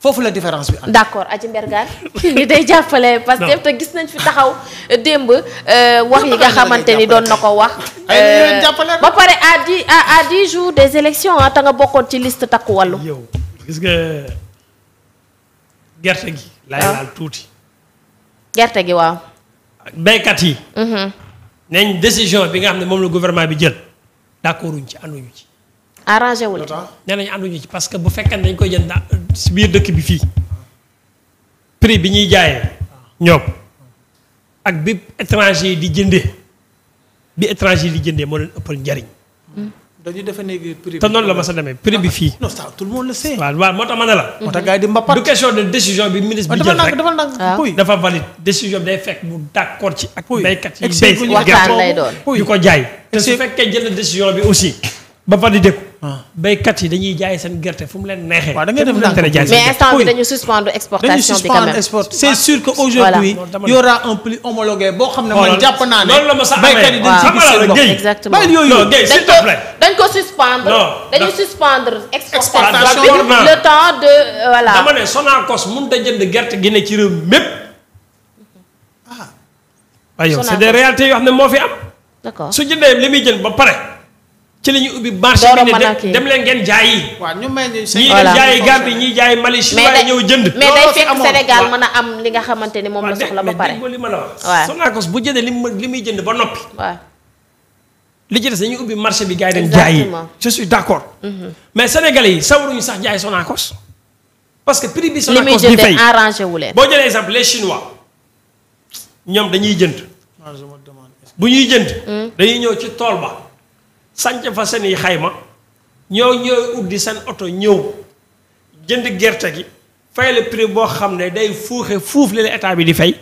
foofu la différence bi am. d'accord Adji Mbergane ni day jàppale parce que te gis nañ fi taxaw euh, démb euh, wax yi nga xamante ni doon na ko wax. Euh, ba pare à di à di jours des élections ah te nga bokkoon ci liste takku wàllu. yow gis gerte gi. laay ah. laal tuuti. gerte gi waaw. baykat yi. Mhm. nañ décision bi nga xam ne moom la gouvernement bi jël d'accorduñ ci ànduñu ci. arrangé wu leen. nee nañu ànduñu ci parce que bu fekkee dañ koy jënd si biir dëkk bi fii prix bi ñuy jaayee ñoom ak bi étranger di jëndee bi étranger di jëndee moo leen ëppal njariñ. dañu defe léegi prix bi. te noonu la ma sa demee prix bi fii. non moo tax ma ne la. moo tax gars yi di mbappat du question de décision bi ministre bi oh, jël rek dafa nang décision bi day fekk mu d' ci ak. béykat yi béy waxtaan lay doon di ko jaay. te su fekkee jël na décision bi aussi ba validé ko. béykat yi dañuy jaay seen gerte fu mu leen neexee. waaw da ngay def tere jaay mais instant bi dañu suspendre exportation bi quand même c'est sûr que aujourd'hui y aura un prix homologué boo xam ne man jàpp naa ne. loolu la ma sa amee béykat yi dañ ci gis seen bopp exactement bàyyi yooyu dañ ko dañ ko suspendre. dañu suspendre exportation bi le temps de euh, voilà. dama ne Sonacos mënut a jënd gerte gi ne ci réew mépp ah. Sonacos c'est des réalités yoo xam ne moo fi am. d'accord su jëndee li muy jënd ba pare. ci la ñuy ubbi marché bi dem leen ngeen jaay yi. waaw ñu may ñu ñii dem jaayi Gambie ñii jaayi Mali si a am nga xamante ni moom la soxla ba li ma la wax. bu jëndee li mu li muy jënd ba noppi. li ci des dañuy ubbi marché bi gars yi dem jaay yi je mhm. mais Sénégalais yi sawaruñu sax jaay Sonacos. parce que prix bi Sonacos di fay li muy jëndee arrangé wu leen. boo jëlee exemple les chinois ñoom dañuy jënd. Ah, bu ñuy jënd. Hmm. dañuy ñëw ci tool ba sànc fa seen xayma ñoo ñooy uddi seen oto ñëw jënd gerte gi fay la boo xam ne day fuuxe fuuf li la bi di fay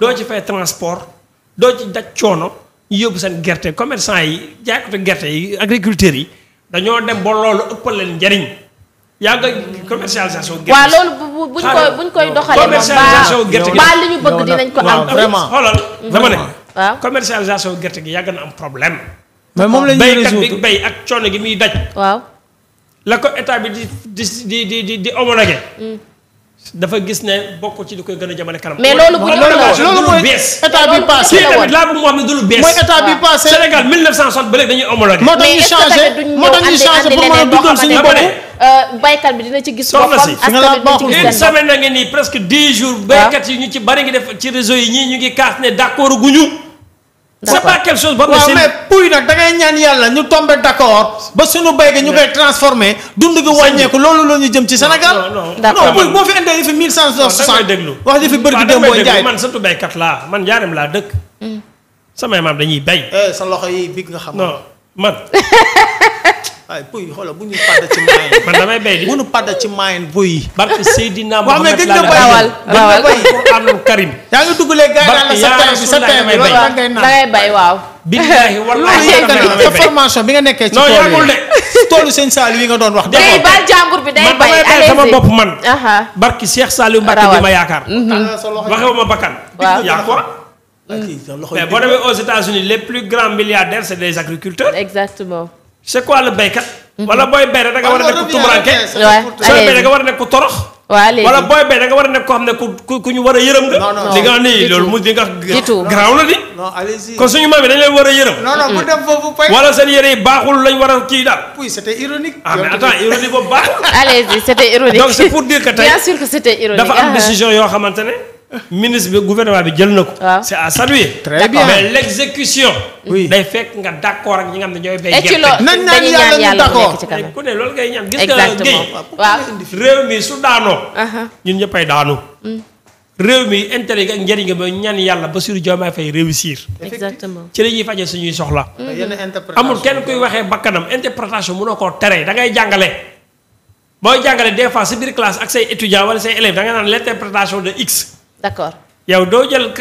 doo ci fay transport doo ci daj coono ñu yóbbu seen gerte commerçant yi jaaykatu gerte yi agriculteurs yi dañoo dem ba loolu ëppal leen njariñ yaa nga commercialisation. gerte waaw loolu bu buñ koy buñ koy doxalee. commercialisation gerte gi ba li ñu bëgg dinañ ko am. vraiment xoolal dama ne. waaw commercialisation gerte gi yàgg na am problème. mais moom la ñuy résoudre béykat bi béy ak coono gi muy daj. waaw la ko état bi di di di di di homologué. Hmm. dafa gis ne bokk ci li koy gën a jëmale kanam. mais loolu bu loolu mooy état bi passé la woon laa bëgg mu wax ne du lu bees. mooy bi passé Sénégal 1960 ba léegi dañuy homologué. moo tax ñu changé moo tax ñu changé pour mën a dundal suñu bopp. Euh, baykat bi dina ci gis boppam askan bi une semaine na nga nii presque 10 jours. waaw yi ñu ci bari ngi def ci réseau yi ñu ngi kaas ne d'accord c'est pas quelque chose. boobu waaw puy nag da ñaan yàlla ñu tombé d'accord ba suñu béy gi ñu koy transformé dund gi wàññeeku loolu la ñu jëm ci Sénégal. d'accord non puy boo fi indee li fi mille cent soixante. déglu wax li fi bëri démb booy jaay man surtout béykat laa man jaareem laa dëkk. Mm. samay maam dañuy béy. Eh, sa loxo yi big nga xam. non man. waaye buy xoolal bu ñuy pàdda ci maayen. man damay béy sa bi sa tey bi formation bi nga nekkee ci tool yi non toolu seen Saliou yi nga doon wax. day baal jàmbur bi day bay allé sama bopp man. barke Cheikh Saliou Mbacke bi ma yaakaar. Mhm. waxewu ma bakkan. waaw yaa ko mais boo demee aux États-Unis les plus grands milliardaires c'est des agriculteurs. exactement. c'est quoi le béykat. Mhm. wala booy béy rek da nga war war a nekk ku torox. booy béy da war a nekk koo xam ne ku ku ñu war a yërëm nga. non nii loolu mu di nga. jiitu na di. kon suñu maam yi dañ leen war a yërëm. non mm. seen yére yi baaxul lañ war a kii daal. oui c'était ironique. Ah, boobu baax. allez-y c'était ironique. donc c'est pour dire que tey. dafa am ah, ah. décision yoo xamante ne ministre bi gouvernement bi jël na ko. waaw c'est à saluer. très bien mais l'exécution. day fekk nga d'accord ak ñi nga xam ne ñooy. bay gerte nañ naan yàlla ne loolu ngay ñaan gis nga. exactement waaw réew mi su daanoo. Uh-huh. ñun ñëppay daanu. Mm. ba ñaan yàlla Bassirou Diomaye Faye réussir. exactement ci la ñuy fajee suñuy soxla. Mm-hmm. amul kenn kuy waxee bakkanam interprétation mënoo koo tere da ngay jàngale. booy jàngale des fois sa biir classe ak say étudiants wala say élèves da naan l'interprétation de x. d'accord yow doo jël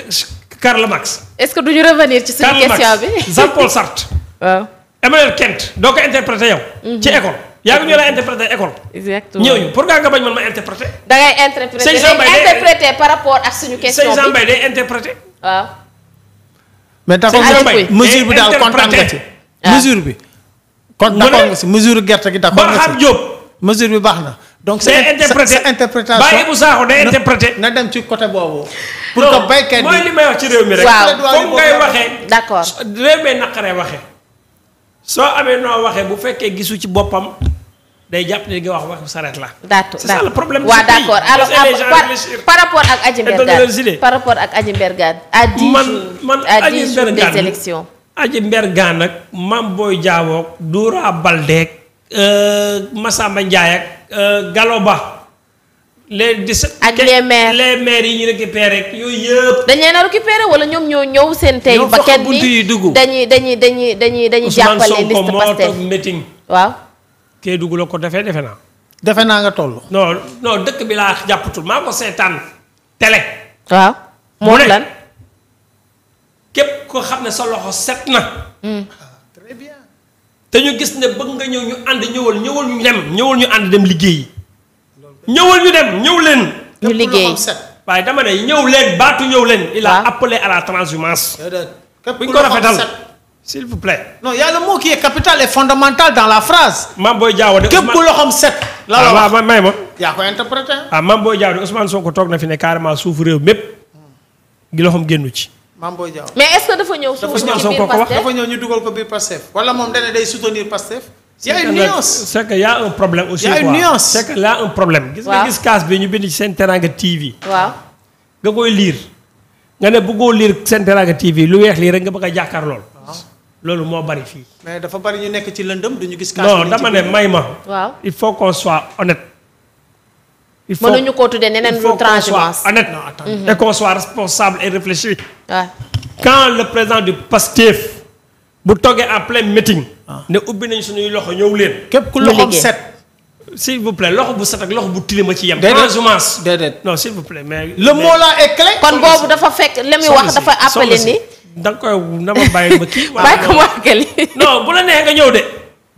Karl Marx. est-ce que duñu revenir ci suñu question bi Jean Paul Sartre. waaw Emmanuel Kant doo ko interprété yow. Mhm. ci école. yaa ngi ñu la interprété école. exactement ñëw pour nga nga bañ man ma interprété. da ngay interprété par rapport ak suñu question bi sëñ Jean Mbaye day interprété. waaw. mais d'accord mesure bi daal kontaan nga ci. mesure bi. kon d'accord nga si mesure gerte gi d'accord nga si Barham Diop. mesure bi baax na. donc c'est interprété interprétation bàyyi bu saaxu day interprété. na dem ci côté boobu. pour que baykat li may wax ci réew mi rek. waaw comme ngay waxee. d'accord soo amee noo waxee bu fekkee gisu ci boppam day jàpp ne nga wax waxu sareet la. d'accord c'est problème. waaw d'accord ah, par rapport ak Adji Mbergane par rapport ak Adji Mbergane. à dix jours à dix jours des élections. Adji Mbergane nag Mame Euh, Massamba Ndiaye ak euh, Gallo Ba les di ak les maires les maires yi ñu récupéré ak yooyu yëpp. dañ leen a récupéré wala ñoom ñoo ñëw seen. tey ba kenn ni dañuy dañuy dañuy dañuy dañuy jàppale. liste Pastef moo toog dugg la ko defee defe naa. defe naa nga toll. non non dëkk bi laa jàppatul maa ko seetaan télé. waaw moom lan képp ko xam ne sa loxo set na. Hmm. te ñu gis ne bëgg nga ñëw ñu ànd ñëwal ñëwal ñu dem ñëwal ñu ànd dem liggéeyi. ñëwal ñu dem ñëw leen. ñu liggéey waaye dama ne ñëw leen baatu ñëw leen. il a appelé à la transhumance. bu ñu ko rafetal s'il a le mot qui est capital et fondamental dans la phrase. maam booy jaaw set. la la ah, wax waaw may ma. yaa ko interprété. ah maam jaaw de Ousmane Sonko toog na fi ne carrément suufu réew mépp gi loxoom génnu ci. Mame Boye Diao mais est-ce que dafa ñëw. dafa ñëw soo ko ko wax dafa ñëw ñu dugal ko biir Pastef. wala moom dana day soutenir Pastef. y un problème. aussi quoi un problème. gis nga gis kaas bi ñu bind ci seen Teranga TV. nga koy liir. nga ne bëggoo liir seen Teranga TV lu weex lii rek nga bëgg a jàkkaar lool. Ah. loolu moo bari fii. mais dafa bari ñu nekk ci lëndëm duñu gis. kaas non dama ne may ma. il faut qu'on soit honnête. il faut mënuñu koo tuddee neneen lu transhumance honnête non attends mhm. et qu'on soit responsable et réfléchi. waaw quand le président du PASTEF bu toggee en plein meeting. Ah. ne ubbi nañ suñuy loxo ñëw leen. képp ku loxoom set. s'il loxo bu set ak loxo bu tilima ci yem. transhumance déedéet non s'il vous mais. le mot là est kon boobu dafa fekk li muy wax dafa appelé ni. da koy na ma bàyyi ma kii. bàyyi ko mu àggali. non bu la neexee nga ñëw de.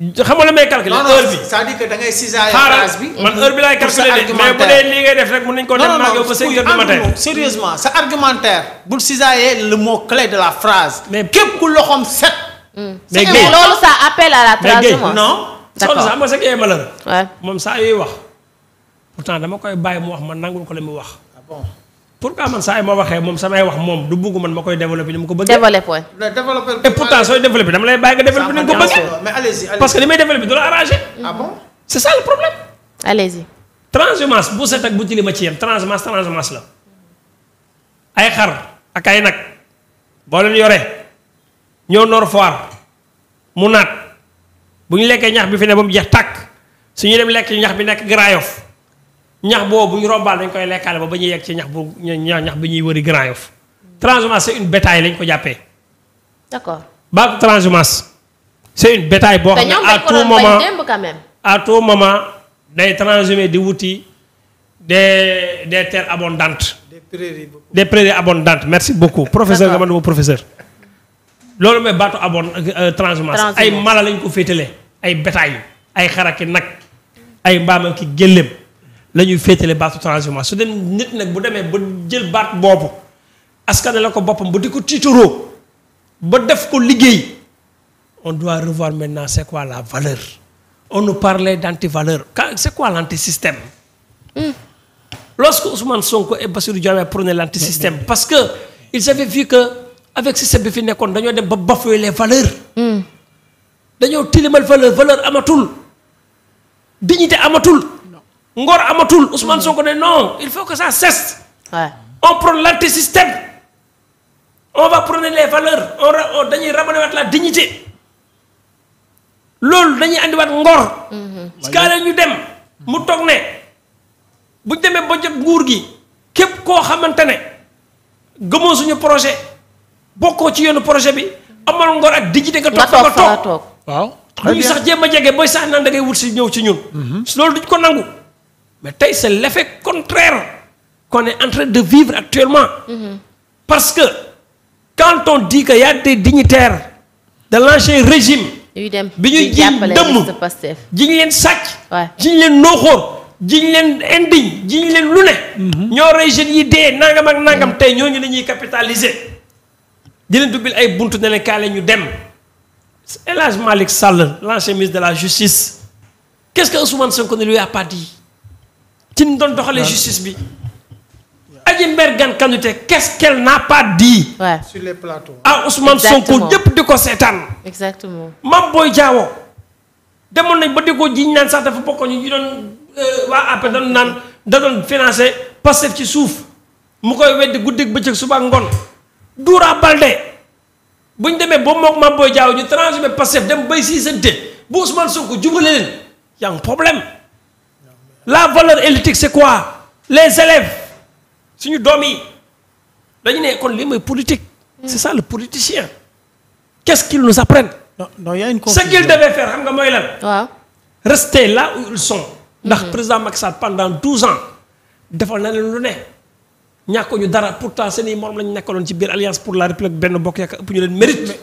xam nga lu may calculer heure bi c'est-à-dire que da bi man heure bi laay calculer de mais bu dee lii ngay def rek ko sérieusement sa argumentaire bul cisailler le mot clé de la phrase mais képp ku loxoom set hmm. mais loolu ça appelle à la transhumance non soxna sa am nga sa gay malheur moom saa yooyu wax pourtant dama koy bàyyi mu wax ma nangul ko la mu wax ah bon pourquoi man saa yi ma waxee moom samay wax moom du bugg man ma koy développé ni mu ko bëggee. développé développé. et sooy développé dama lay bàyyi nga développé ni mu ko bëggee. parce que li may développé du la arrangé. ah bon c' est ça le problème. allez-y. bu set ak bu tilima ci yem transhumance transhumance la ay xar ak ay nag boo leen yore ñoo noor foire mu naat bu ñu lekkee ñax bi fi ne ba mu jeex tàkk su ñu dem lekk ñax bi nekk Grand Yoff ñax boobu bu ñu rombaal dañ koy lekkaale ba ba ñuy yegg ci ñax bu ñax bi ñuy wëri Grand Yoff transhumance c'est une bétail lañ ko jàppee. d'accord baatu transhumance c'est une bétail boo xam ne à tout moment à tout moment day transhumer di wuti des des terres abondantes. des prairies des prairies abondantes merci beaucoup professeur nga mën na professeur. loolu mooy baatu abon euh, transhumance ay mala lañ ko féetalee ay bétail ay xaraki nag ay mbaam ki gëléem. la ñuy féetale baatu transhumance su dem nit nag bu demee ba jël baat boobu askan la ko boppam ba di ko tiitaroo ba def ko liggéey on doit revoir maintenant c'est quoi la valeur on nous anti d'antivaleur c'est quoi l'antisystème hmm. lorsque Ousmane Sonko et Bassirou Diomaye prenaient l'antisystème parce que ils avaient vu que avec système bi fi nekkoon dañoo dem ba bafouer lee valeurs hmm. dañoo tilimal valeur valeur amatul dignité amatul ngor amatul Ousmane mm-hmm. Sonko ne non il faut que ça cesse. Ouais. on prône l'antisystème on va prôner les valeurs on dañuy ramener waat la dignité loolu dañuy andiwaat ngor. Mm-hmm. waaye ñu dem mu toog ne bu ñu demee ba jot nguur gi képp koo xamante ne gëmoo suñu projet bokkoo ci yoonu projet bi amal ngor ak dignité nga toog fa nga toog waaw. ñu sax jéem a jege booy sax naan da ngay wut si ñëw ci ñun. Mm-hmm. loolu duñ ko nangu. mais tey c'est l'effet contraire qu'on est en de vivre actuellement mm-hmm. parce que quand on dit que y a des dignitaires de l'ancien régime bi ñuy jiñ dëmm jiñ leen sàcc jiñ leen nooxóor jiñ leen indigne jiñ leen lu ne mm-hmm. ñoo rey jeunes yi dee nangam ak nangam mm-hmm. tey ñooñu la ñuy capitaliser di leen dubbil ay buntu ne leen kaale ñu dem El Hadj Malick Sall l'ancien ministre de la justice qu'est-ce que Ousmane Sonko ne lui a pas dit ci doon doxalee justice bi. Adji Mbergane Kanouté qu'est-ce qu'elle n'a pas dit. Ouais. les plateaux. ah Ousmane Sonko ñëpp di ko seetaan. exactement Mame Boye Diao. demoon nañ ba di ko naan sax dafa bokk ñu ñu doon euh, waa APR da doon naan da doon financé Pastef ci suuf mu koy weddi guddeeg bëccëg suba ak ngoon. bu ñu demee ba mook Mame Boye Diao ñu transhumé Pastef dem bay siisante bu Ousmane Sonko jubale leen y a un problème. la valeur éthique c'est quoi les élèves suñu doom yi dañu ne kon lii mooy politique. Mm. c'est ça le politicien. qu'est-ce qu'ils nous apprennent. non non y a une xam nga mooy lan. reste la là où ils mm-hmm. ndax président Macky Sall pendant douze ans defal na leen lu ne. ñàkk ñu dara pourtant seen i morom lañu nekkaloon ci biir alliance pour la république benn bokk yaakaar ëpp ñu leen mérite.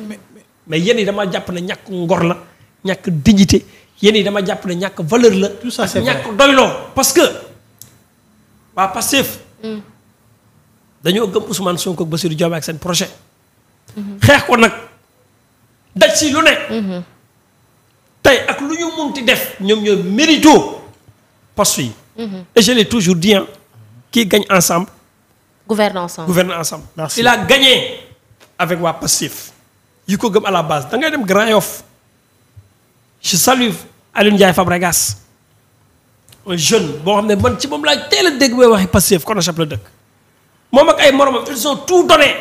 mais yéen yi dama jàpp na ñàkk ngor la ñàkk dignité. yéen yi dama jàpp ne ñàkk valeur la. tout ça c'est vrai ñàkk doyloo parce que waa Pastef. Mm. dañoo gëm Ousmane Sonko ak Bassirou Diomaye ak seen projet. Mm-hmm. xeex ko nag daj si lu ne. Mm-hmm. tey ak lu ñu munti def ñoom ñoo mérito poste yi. Mm-hmm. et toujours dit ah gañ gagne ensemble. gouverne ensemble gouverne ensemble. Merci. il a gagné avec waa Pastef. yi ko gëm à la base da ngay dem Grand Yoff je salue Aliou Ndiaye Fabregas un jeune boo xam ne man ci moom laa teel a dégg booy waxi Pastef Konachap la dëkk moom ak ay moromam ils ont tout donné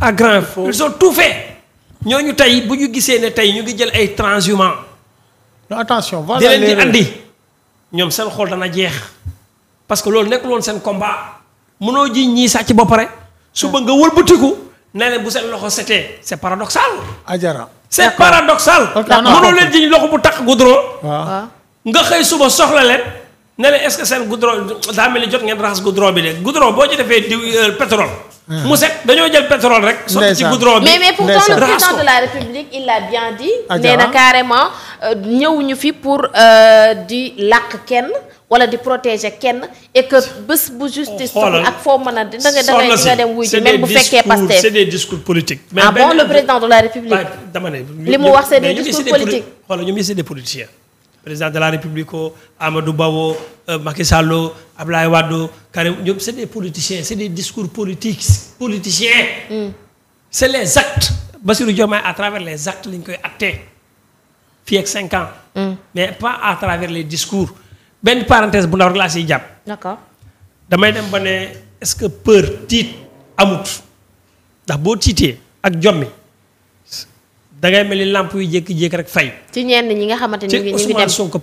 à Grand Yoff ils ont tout fait ñooñu tey bu ñu gisee ne tey ñu ngi jël ay transhumants. non attention voilà di leen di andi ñoom seen xool dana jeex parce que loolu nekkul woon seen combat mënoo ji ñii sàcc ba pare suba nga wëlbatiku ne leen bu seen loxo setee c'est paradoxal. ajara. c'est paradoxal. mënoo leen jiñ loxo bu takk goudron. Ah. nga xëy suba soxla leen. ne leen est-ce que seen goudron daa mel ni jot ngeen raxas goudron bi de goudron boo ci defee diw euh, pétrole. Hmm. mu set dañoo jël pétrole rek. sotti ci goudron bi mais mais pourtant le président de la république il l'a bien dit. Ah, nee carrément. Euh, ñëw ñu fi pour euh, di làq kenn wala di protéger kenn et que bés bu justice. Oh, xoolal ak foo mën a da nga da nga dem wuy ji même bu fekkee Pastef c'est des discours politiques. mais ah bon le président de la république. dama ne li mu wax c'est des discours politiques. xoolal ñoom c'est des politiciens. président de la république o Amadou Ba o euh, Macky Sall o Abdoulaye c'est des politiciens c'est des discours politiques politiciens. Hmm. c'est les actes Bassirou Diomaye à travers les actes lañ koy acté. fii ak cinq ans. Mm. mais pas à travers les discours benn parenthèse bu ndaw rek laa siy jàpp. d'accord damay dem ba ne est-ce que peur tiit amut ndax boo tiitee ak jommi da mel ni làmp yu jékki-jékki rek fay. ci ñenn ñi nga xamante ni ñu ngi dem ci Ousmane Sonko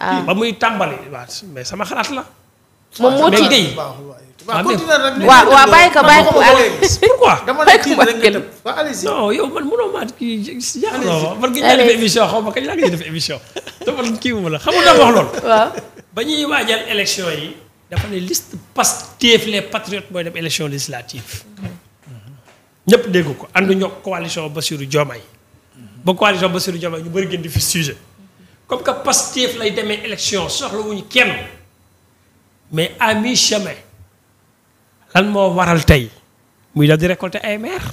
ah. ba muy tàmbali waaw mais sama xalaat la. moom moo tiit waaw waaw waaw bàyyi ko bàyyi ko pourquoi bàyyi ko mu àggali non yow man mënoo maa kii jaaxaloo ma man kañ laa def émission xaw ma kañ laa def émission te man kii wu la xam nga wax loolu. waaw ba ñuy waajal élection yi dafa ne liste Pastef les patriotes mooy dem élection législative. Mm-hmm. ñëpp dégg ko ànduñu coalition Bassirou Diomaye. ba coalition Bassirou Diomaye ñu bëri gën di fi sujet comme que Pastef lay demee élection soxlawuñu kenn mais à mi chemin. lan moo waral tey muy daf di récolter ay maire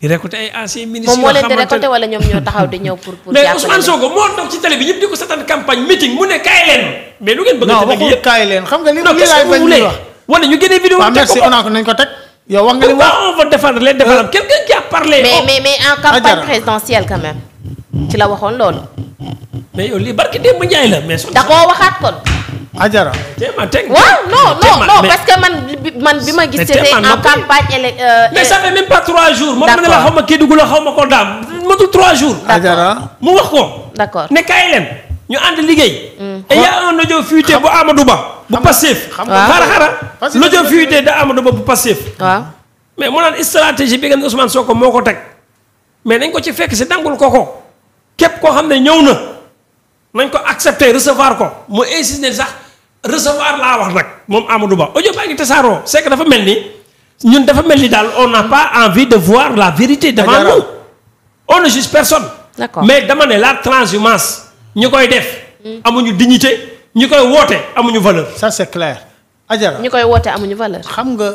di récolter ay anciens ministres. moom moo leen di récolter wala ñoom ñoo taxaw di ñëw pour pour. mais Ousmane Sonko moo toog ci télé bi ñëpp di ko seetaan campagne meeting mu ne kaay leen. mais lu ngeen bëgg a. dëgg ko wax nga li wax on va défendre les développements euh, quelqu'un qui a parlé. mais mais mais en campagne présidentielle quand ci la waxoon loolu. mais yow lii barki démb Ndiaye la da koo waxaat kon. Ajara. Téema teg waaw non non man man bi ma gis. c'était en campagne élec. Euh, mais ça fait même pas trois jours. moom ne la xaw ma Kédougou la xaw ma Kolda matul trois jours. Ajara mu wax ko. ne kaay leen ñu ànd liggéey. Mm. et y a un audio fuité bu Amadou Ba. bu passif. xam nga xara xara. l'audio fuité de Amadou Ba bu passif. mais mu naan stratégie bi nga ne soo ko moo ko teg mais nañ ko ci fekk si dangul ko ko képp koo xam ne ñëw na nañ ko accepter recevoir ko mu insister sax. recevoir laa wax nag moom Amadou Ba audio baa ngi tasaaroo c'est dafa mel ni ñun dafa mel ni daal on n'a pas envie de voir la vérité devant nous on ne juge personne mais dama ne la transhumance ñu koy def hmm. amuñu diñute ñu koy woote amuñu valeur ça c'est clair Adjara ñu koy woote amuñu valeur